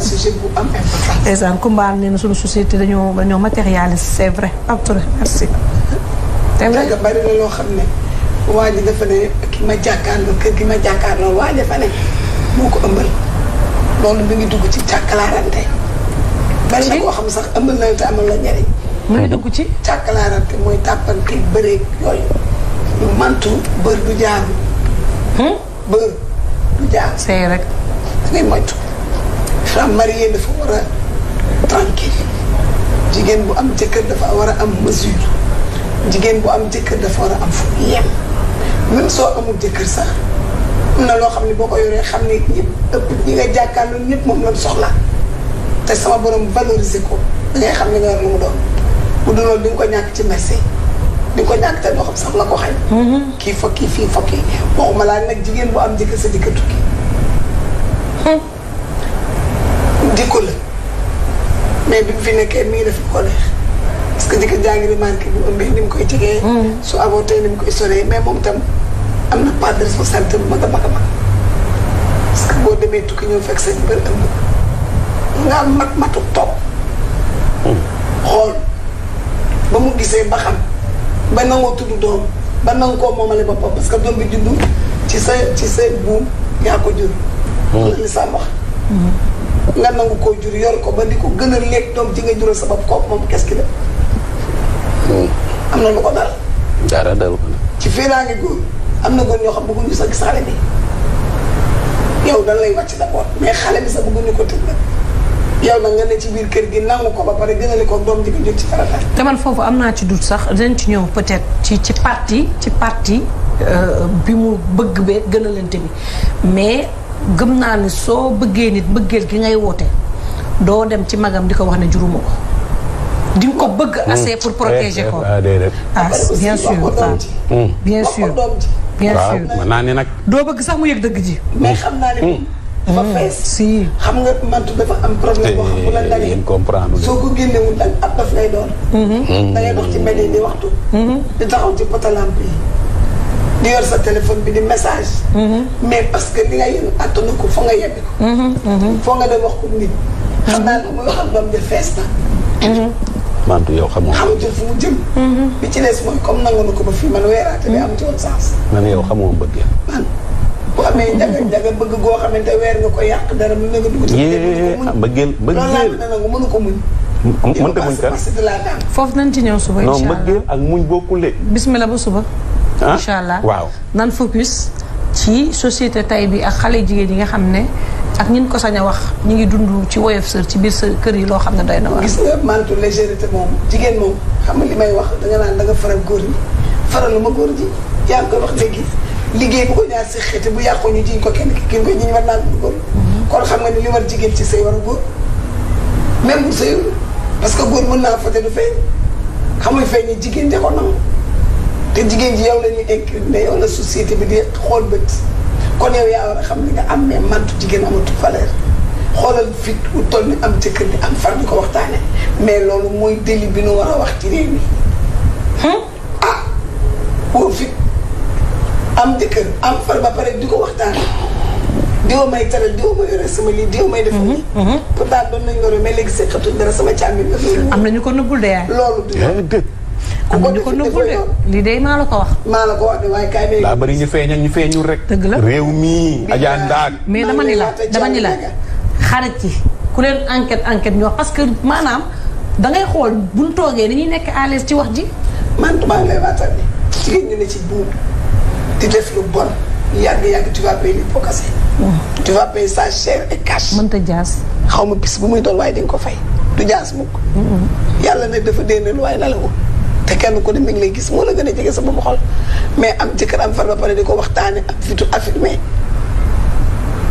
sujet bu am important. ndeysaan Kumba nee na suñu société dañoo dañoo matérialiste c'est vrai Abdoulaye merci. c'est bari na loo xam ne waa ji dafa ne ki ma jàkkaarloo kër gi ma jàkkaarloo waa ji dafa ne moo ko ëmbal loolu mi ngi dugg ci càkkalaarante. bari na koo xam sax ëmbal na te amal la njariñ. mu ngi dugg ci. càkkalaarante mooy tàppante bëreeg yooyu. lu mantu bër du jaaru. Hmm? bër du jaaru. sëy rek. femme mariée dafa war a tranquille jigéen bu am jëkkër dafa war a am mesure jigéen bu am jëkkër dafa war a am fu yem même soo amul jëkkër sax am na loo xam ne boo ko yoree xam ne ñëpp ëpp ñi nga jàkkaarloo ñëpp moom lañ soxla te sama borom valoriser ko da ngay xam ne nga war mu doon bu dul loolu nga ko ñàkk ci marché di nga ko ñàkk te doo xam sax la ko xañ mm-hmm. kii fokki fii fokki waxuma laa nag jigéen bu am jëkkër sa jëkkër tukki jikko la mais bi mu fi nekkee mi ngi def ko neex parce que jikko jaa ngi remarqué bu ëmbee ni mu koy jegee hmm. su avorté ni mu koy soree mais moom tam am na part de responsabilité bu mag parce que boo demee tukki ñëw fekk sa jëkkër ëmb nga am mat matu toog hmm. xool ba mu gisee ba xam ba nangoo tudd doom ba nangu koo moomale boppam parce que doom bi juddu ci sa ci sa buum yaa ko jur. Hmm. loolu li Sam wax. nga nangu koo jur yor ko ba di ko gën a lekk doom ji nga jural sa bopp kook moom qu'est-ce que la hmm. am na lu ko dal. dara ko ci fii laa ngi góor am na góor ñoo xam bëgguñu sa gis xale bi yow dan lay wàcc d'abord mais xale bi sa bëgguñu ko tëgg yow nag nga ci biir kër gi nangu ko ba pare gënale ko doom ji ko jot ci farata. te man foofu am naa ci dut sax dinañ ci ñëw peut-être ci ci parti ci parti euh, bi mu bëgg bee gën a lente bi mais. gëm naa ne soo bëggee nit bëggeel gi ngay woote doo dem ci magam di ko wax ne juruma ko di ko bëgg hmm. assez pour protéger eh, ko eh, ah, ah bien sûr hmm. bien sûr bien sûr mën naa ne nag doo bëgg sax mu yëg dëgg ji mais hmm. xam naa ne dafa fees si xam nga mantu dafa am problème boo xam bu la eh, soo ko génnewul ak ab daf lay doon da yi di waxtu di taxaw ci potalamp yi di yor sa téléphone bi di message. Mhm. mais parce que li nga yéen ko foo nga yebbi mhm, mhm. foo nga dem wax ko nit. xam naa ne yow xamoo xamatul fu mu jëm. ci des mooy comme nangu na ko ba fii man weeraate am ci woon sens. man yow xamoo bëgg. man bu amee jaga jaga bëgg goo xamante weer nga ko yàq dara mën na nga dugg ci. Ah, bëggeel bëggeel loolu laa ne nangu mënu ko muñ. mënta muñ kan foofu nañ ci ñëw suba incha ak muñ bokkule. bismillah ba suba. Ah? incha allah waaw nan focus ci societé tay bi ak xale jigéen yi nga xam ne ak ñin ko sañ a wax ñu ngi dund ci woyof sër ci biir sa kër yi loo xam ne doy na war gis nga mantu légèreté moom jigéen moom xam nga li may wax danga naan danga faral góor faral faralu ma góor ji yaa ngi koy wax léegi liggéey bu ko ñaar si te bu yàqoo ñu jiñ ko kenn ki kiñ ko jiñ war naan góor mhm. kon xam nga ni li war jigéen ci sëy war a góor même bu sëyul parce que góor mën naa fate du feeñ xamuy feeñ jigéen de ko te jigéen ji yow la ñuy dénk ne yow la société bi di xool bët kon yow yaa war a xam ni nga am ne mantu jigéen amatul valeur xoolal fit u toll ni am jëkkër ni am far di ko waxtaane mais loolu mooy déli bi nu war a wax ci réew mi hmm? ah, am jëkkër am far ba pare di ko waxtaane diwa may taral diwa may yore sama lii diwa may defal lii. Hmm, hmm, pourtant doon nañu yore mais léegi seqatul dara sama càmmiñ la. am na ñu ko nëbbul de yaay. ku ko ko nëbbul de li de maa la ko wax maa la ko wax rek dëgg la réew mi ajaa ndaag mais dama ni la dama ni la xarit yi ku leen enquête enquête ñu wax parce que maanaam da ngay xool buñ toogee dañuy nekk à l'aise ci wax ji man tubaab lay waatal ni jigéen ñu ne ci buub di def lu bon yàgg yàgg eh, tu vas payer l'hypocrasie tu vas payer ça te kenn ku ne mi ngi lay gis moo la gën a jege sa boobu xol mais am jëkkër am far ba pare di ko waxtaane ak fitu affirmé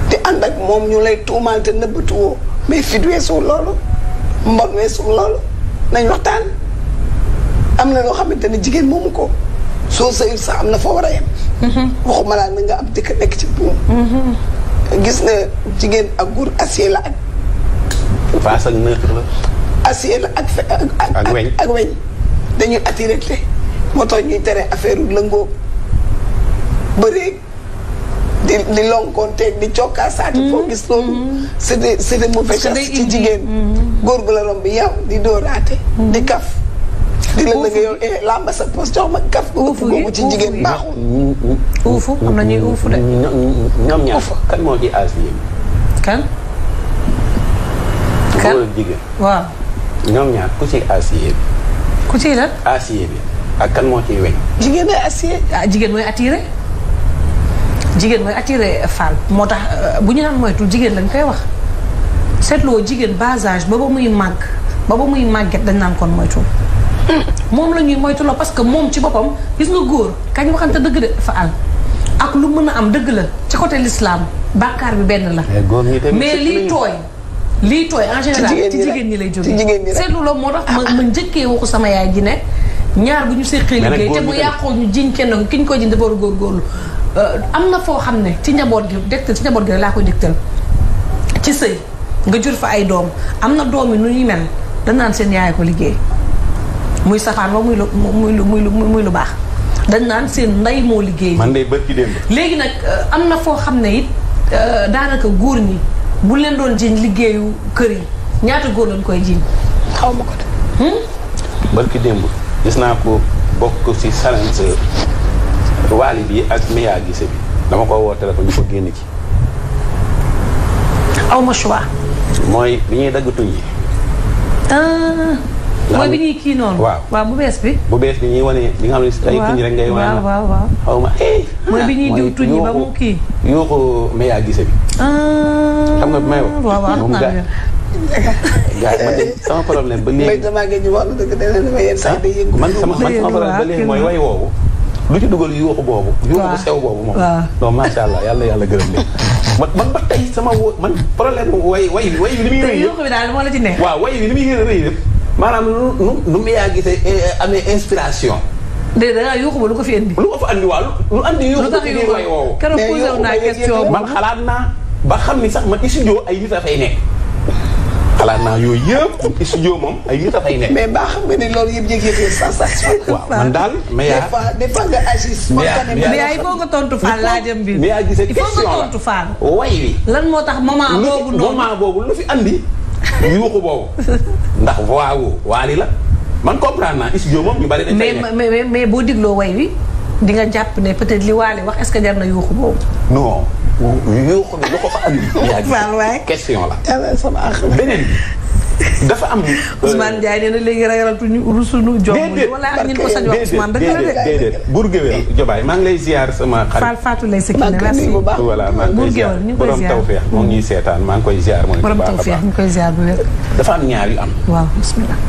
di ànd ak moom ñu lay tuumaal te nëbbatuwoo mais fit weesuwul loolu mbon weesuwul loolu nañ waxtaan am na loo xamante ne jigéen moomu ko soo sëyul sax am na foo war a yem waxuma laa na nga am jëkkër nekk ci buum gis na jigéen ak góor acier la ak paas ak nër la acier la ak ak weñ ak weñ dañuy attirante moo tax ñuy tere affaire lëngoo bëreeg di di lonkonteeg di cokkaasaati. foo mm-hmm. gis loolu. Mm-hmm. c'est des c'est des mauvais gestes jigéen. Mm-hmm. góor gu la romb yow di dooraate. di kaf. di la nga yow eh, làmba sa poos jox ma kaf. uuf boobu ci jigéen baaxul. uufu am na ñuy uufu de. ñoom ñaar kan moo ci aas yéen. kan. kan góor jigéen. waaw. ñoom ñaar ku ci aas ku ci lan. acier bi ak kan moo ci weñ. jigéen mooy acier ah, jigéen mooy attire jigéen mooy attiré Fall moo tax euh, bu ñu naan moytu jigéen lañ koy wax seetloo jigéen bas âge ba ba muy màgg ba muy màgget dañ naan kon moytu. moom la ñuy la parce que moom ci boppam gis nga góor kañ waxante dëgg de fa al ak lu mën a am dëgg la ci côté lislaam bàkkaar bi benn la mais lii tooy lii tooy en général ci jigéen ñi lay jógee ci jigéen ñi seetlu loolu moo tax ma ah, ah. ma njëkkee waxu sama yaay ji ne ñaar bu ñu seqee liggéey te mu yàqoo ñu jiñ kenn ki ñu koy jiñ dafa war a euh, am na foo xam ne ci njaboot gi dektal ci njaboot gi laa koy dektal ci sëy nga jur fa ay doom am na doom yi nu ñuy mel danaan seen yaay ko liggéey muy safaan ba muy lu muy lu muy lu muy lu baax dañ naan seen ndey moo liggéey. man day bët léegi nag euh, am na foo xam ne it euh, daanaka góor ñi. bu leen doon jiñ liggéeyu kër yi ñaata góor lañ koy jiñ. xaw ma ko de. Hmm? barki démb gis naa ko bokk ci challenge waali bi ak Mia Guissé bi dama ko woo téléphone ñu ko génn ci. aw ma choix. mooy bi ñuy dagg tuñ yi. Ah, mooy bi ñuy kii noonu. waaw waaw bu bees bi. bu bees bi ñuy wane li nga xam ne ay tuñ rek ngay. waaw waaw waaw xaw ma eh. mooy bi ñuy diw tuñ yi ba mu kii. yuuxu Meya Guissé bi. Ah. xam nga may wax. waaw waaw xam gars man de sama problème ba léegi. man sama sama problème ba léegi mooy way woowu. lu ci dugal yuuxu boobu. waaw yuuxu bu sew boobu moom. waaw non macha allah yàlla yàlla gërëm leen. man man ba tey sama wo man problème mu way way way li muy rëy yuuxu bi daal moo la ci neex. waaw way li muy rëy yëpp maanaam nu nu nu Meya Guissé eh, amee inspiration. déedéet da ngaa yuuxu ba lu ko fi indi. lu ko fa andi waaw lu andi yuuxu. lu tax yuuxu waaw naa question man xalaat naa ba ni sax man studio ay nit a fay xalaat naa yooyu yëpp studio moom ay nit a fay nekk. mais baax nga ne loolu yëpp yëg-yëg sensation. waaw man daal mais yaa. des fois des fois nga agis spontané. mais yaa il faut bi. mais yaa gisee question la il faut nga tontu Fall. way wi. moo tax moment boobu noonu boobu lu fi andi yuuxu boobu ndax waawu waali la man comprendre naa studio moom ñu bari dañ mais mais mais di nga jàpp ne peut-être li waale wax est-ce que jar na yuuxu boobu. non yuuxu bi lu ko fa andi. yaa question ah, la. beneen bi dafa am. Euh, Ousmane Ndiaye na léegi ragalatuñu rusuñu jomb. déedéet wala ñin ko sañoon Ousmane rek la de. déedéet Bour Guéweul eh, Jobaay ngi lay ziar sama xarit. Fall Fatou lay sekk ne merci voilà maa ngi koy ziar borom tawfeex moom ñuy seetaan maa ngi koy ziar. mooy bu a koy ziar bu wér. dafa am ñaar yu am. waaw bismillah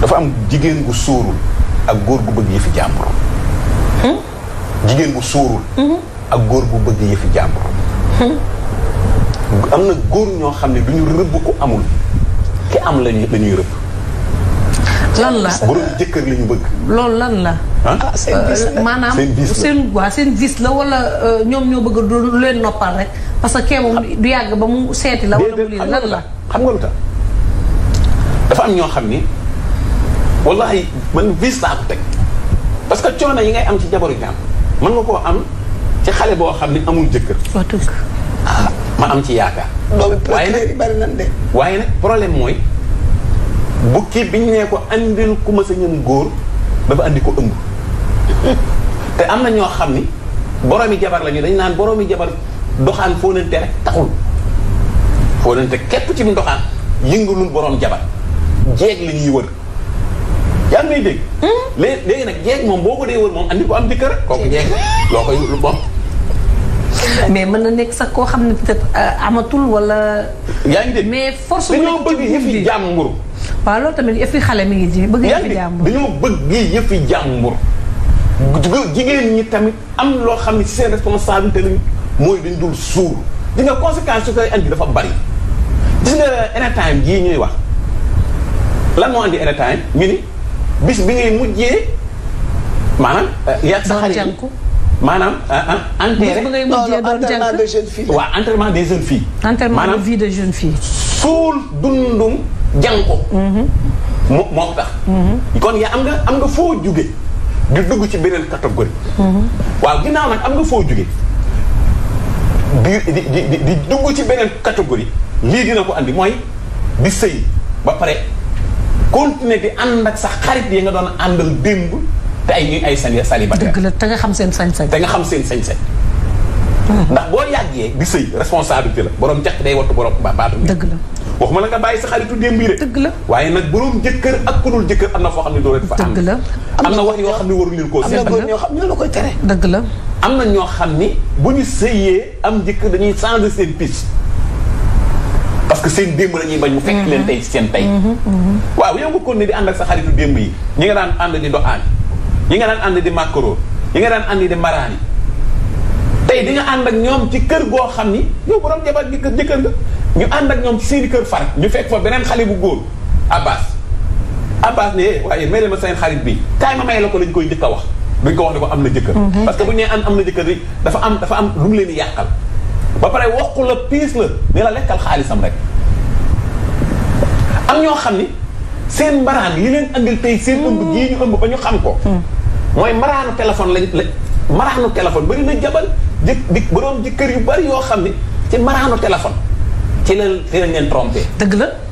dafa am jigéen gu suurul ak góor gu bëgg yëfi jàmbur. jigéen gu suurul. ak góor gu bëgg yëfi jàmbur. am na góor ñoo xam ne du ñu rëbb ku amul ki am lañuy lañuy rëbb. lan la borom jëkkër li ñu bëgg. loolu lan la. ah, ah seen bis euh, la maanaam seen waa seen bis la wala euh, ñoom ñoo bëgg du leen noppal rek parce que kee moom du yàgg ba mu seeti la. wala mu lii lan la xam nga lu tax dafa am ñoo xam ni. wallahi man vis ko teg parce que na yi ngay am ci jabaru jaam mën nga koo am ci xale boo xam ne amul jëkkër. ah ma am ci yaakaar. waaye nag bari nan de. waaye nag problème mooy bukki ñu nee ko andil ku ma sa ñam góor dafa indi ko ëmb. te am na ñoo xam ni boroomi jabar lañu dañ naan boroomi jabar doxaan fóonante rek taxul fóonante képp ci mu doxaan yëngalul boroom jabar jeeg li wër. yaa ngi may dégg. léegi nag jeeg moom boo ko dee wër moom andi ko am jëkkër kooku jeeg loo koy lu bon. mais mën na sax koo xam peut-être euh, amatul wala. Yang ngi dégg mais force bu nekk bëgg yëfi jàmbur. waaw loolu tamit yëfi xale mi ngi ji bëgg yëfi jàmbur dañoo bëgg yëfi jàmbur. jigéen ñi tamit am loo xam ne ci seen responsabilité lañ mooy dañ dul suur di nga conséquence su andi dafa bari gis nga time jii ñuy wax lan moo andi anytime time, ni bis bi ngay mujjee maanaam. Euh, yàgg sa xarit maanaam euh, euh, enterré enterrement des jeunes filles waaw enterrement des jeunes filles. enterrement de vie de jeune fille. suul dundum jànko. Mm-hmm. moo moo tax. Mm-hmm. kon yaa am nga am nga foo jóge di dugg ci beneen catégorie. Mm-hmm. waaw ginnaaw am nga foo di di di di ci beneen catégorie lii dina ko andi mooy di sëy ba pare. continuer di and ak sax xarit yi nga doon andal demb te ay ñuy ay ya saliba deug la te nga xam seen sañ-sañ te nga xam seen sañ-sañ ndax bo yagge di sey responsabilité la borom jàkk day wattu borom ba baatu deug la waxuma la nga bàyyi sa xaritu demb yi de dëgg la waye nak borom jëkkeur ak ku dul jëkkër am na foo xam ne fa am deug la amna wax yo xamni waru leen ko seen amna ño xamni la koy téré deug la amna ño xamni buñu seyé am jëkkeur dañuy changer seen piste parce que seen démb la ñuy bañ mu fekk leen tey ci seen tey waaw yow nga kon ne di ànd ak sa xaritu démb yi ñi nga daan ànd di doxaan ñi nga daan ànd di macro ñi nga daan ànd di maraan yi tey di nga ànd ak ñoom ci kër goo xam ni yow borom jabar gi kër jëkkër nga ñu ànd ak ñoom ci seen kër far ñu fekk fa beneen xale bu góor abbas abbas ne waaye mere ma seen xarit bi kaay ma may la ko lañ koy njëkk a wax duñ ko wax ne ko am na jëkkër parce que bu ñu am am na jëkkër dafa am dafa am lu mu leen yàqal ba pare waxu la piis la di la lekkal xaalisam rek am ñoo xam ni seen mbaraan li leen andil tey seen ëmb gii ñu ñu xam ko hmm. mooy mbaraanu téléphone lañ la mbaraanu téléphone bari na jabal di di boroom ji kër yu bari yoo xam ni ci mbaraanu téléphone ci la ci lañ leen trompé dëgg la